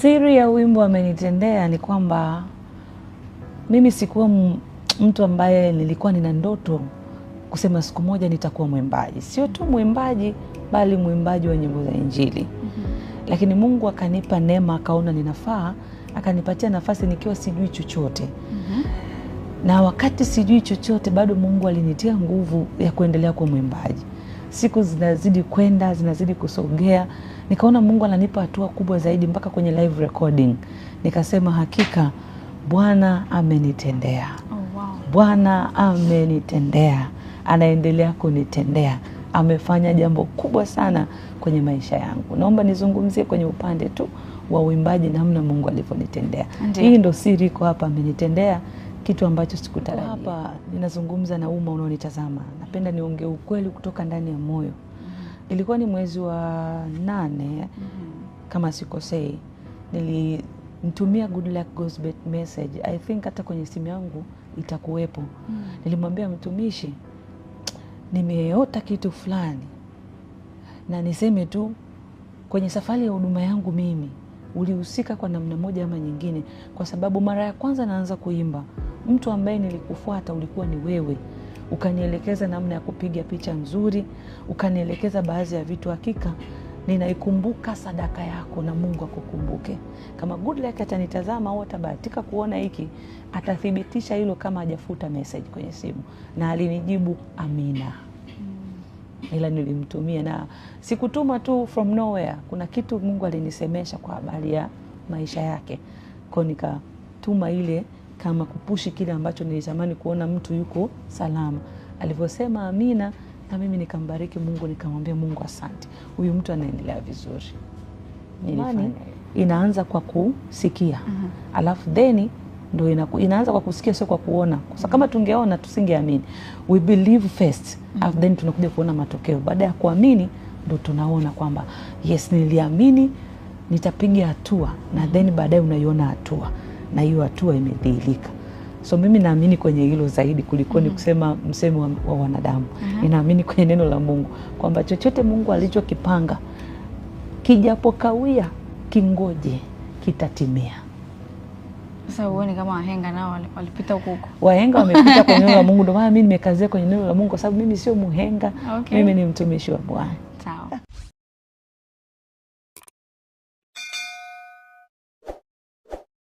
Siri ya wimbo amenitendea ni kwamba mimi sikuwa mtu ambaye nilikuwa nina ndoto kusema siku moja nitakuwa mwimbaji, sio tu mwimbaji, bali mwimbaji wa nyimbo za Injili. mm -hmm. Lakini Mungu akanipa neema, akaona ninafaa, akanipatia nafasi nikiwa sijui chochote. mm -hmm. Na wakati sijui chochote, bado Mungu alinitia nguvu ya kuendelea kuwa mwimbaji. Siku zinazidi kwenda, zinazidi kusogea nikaona Mungu ananipa hatua kubwa zaidi mpaka kwenye live recording. Nikasema hakika Bwana amenitendea. Oh, wow. Bwana amenitendea, anaendelea kunitendea, amefanya jambo kubwa sana kwenye maisha yangu. Naomba nizungumzie kwenye upande tu wa uimbaji, namna Mungu alivyonitendea. Hii ndo siri iko hapa, amenitendea kitu ambacho sikutarajia. Hapa ninazungumza na umma unaonitazama, napenda niongee ukweli kutoka ndani ya moyo ilikuwa ni mwezi wa nane mm -hmm. kama sikosei, nilimtumia Good Luck message. I think hata kwenye simu yangu itakuwepo. mm -hmm. Nilimwambia mtumishi, nimeota kitu fulani na niseme tu kwenye safari ya huduma yangu mimi ulihusika kwa namna moja ama nyingine, kwa sababu mara ya kwanza naanza kuimba, mtu ambaye nilikufuata ulikuwa ni wewe ukanielekeza namna ya kupiga picha nzuri, ukanielekeza baadhi ya vitu. Hakika ninaikumbuka sadaka yako, na Mungu akukumbuke. Kama atanitazama au atabahatika kuona hiki, atathibitisha hilo kama ajafuta message kwenye simu, na alinijibu amina mm. ila nilimtumia na sikutuma tu from nowhere. Kuna kitu Mungu alinisemesha kwa habari ya maisha yake, kwa nikatuma ile kama kupushi kile ambacho nilitamani kuona mtu yuko salama. Alivyosema Amina na mimi nikambariki Mungu, nikamwambia Mungu asante, huyu mtu anaendelea vizuri. inaanza kwa kusikia uh -huh. alafu theni ndo ina, inaanza kwa kusikia, sio kwa kuona, kwa sababu kama tungeona tusingeamini. We believe first uh-huh. alafu then tunakuja kuona matokeo. Baada ya kuamini ndo tunaona kwamba yes, niliamini nitapiga hatua, na then baadaye unaiona hatua na hiyo hatua imedhihirika. So mimi naamini kwenye hilo zaidi kuliko ni mm -hmm. kusema msemo wa, wa wanadamu mm -hmm. Ninaamini kwenye neno la Mungu kwamba chochote Mungu alichokipanga kijapokawia, kingoje, kitatimia. Sasa uone kama wahenga nao walipita huko huko, wahenga wamepita kwenye neno la Mungu. Ndio maana mimi nimekazia kwenye neno la Mungu kwa sababu mimi sio muhenga okay. Mimi ni mtumishi wa Bwana.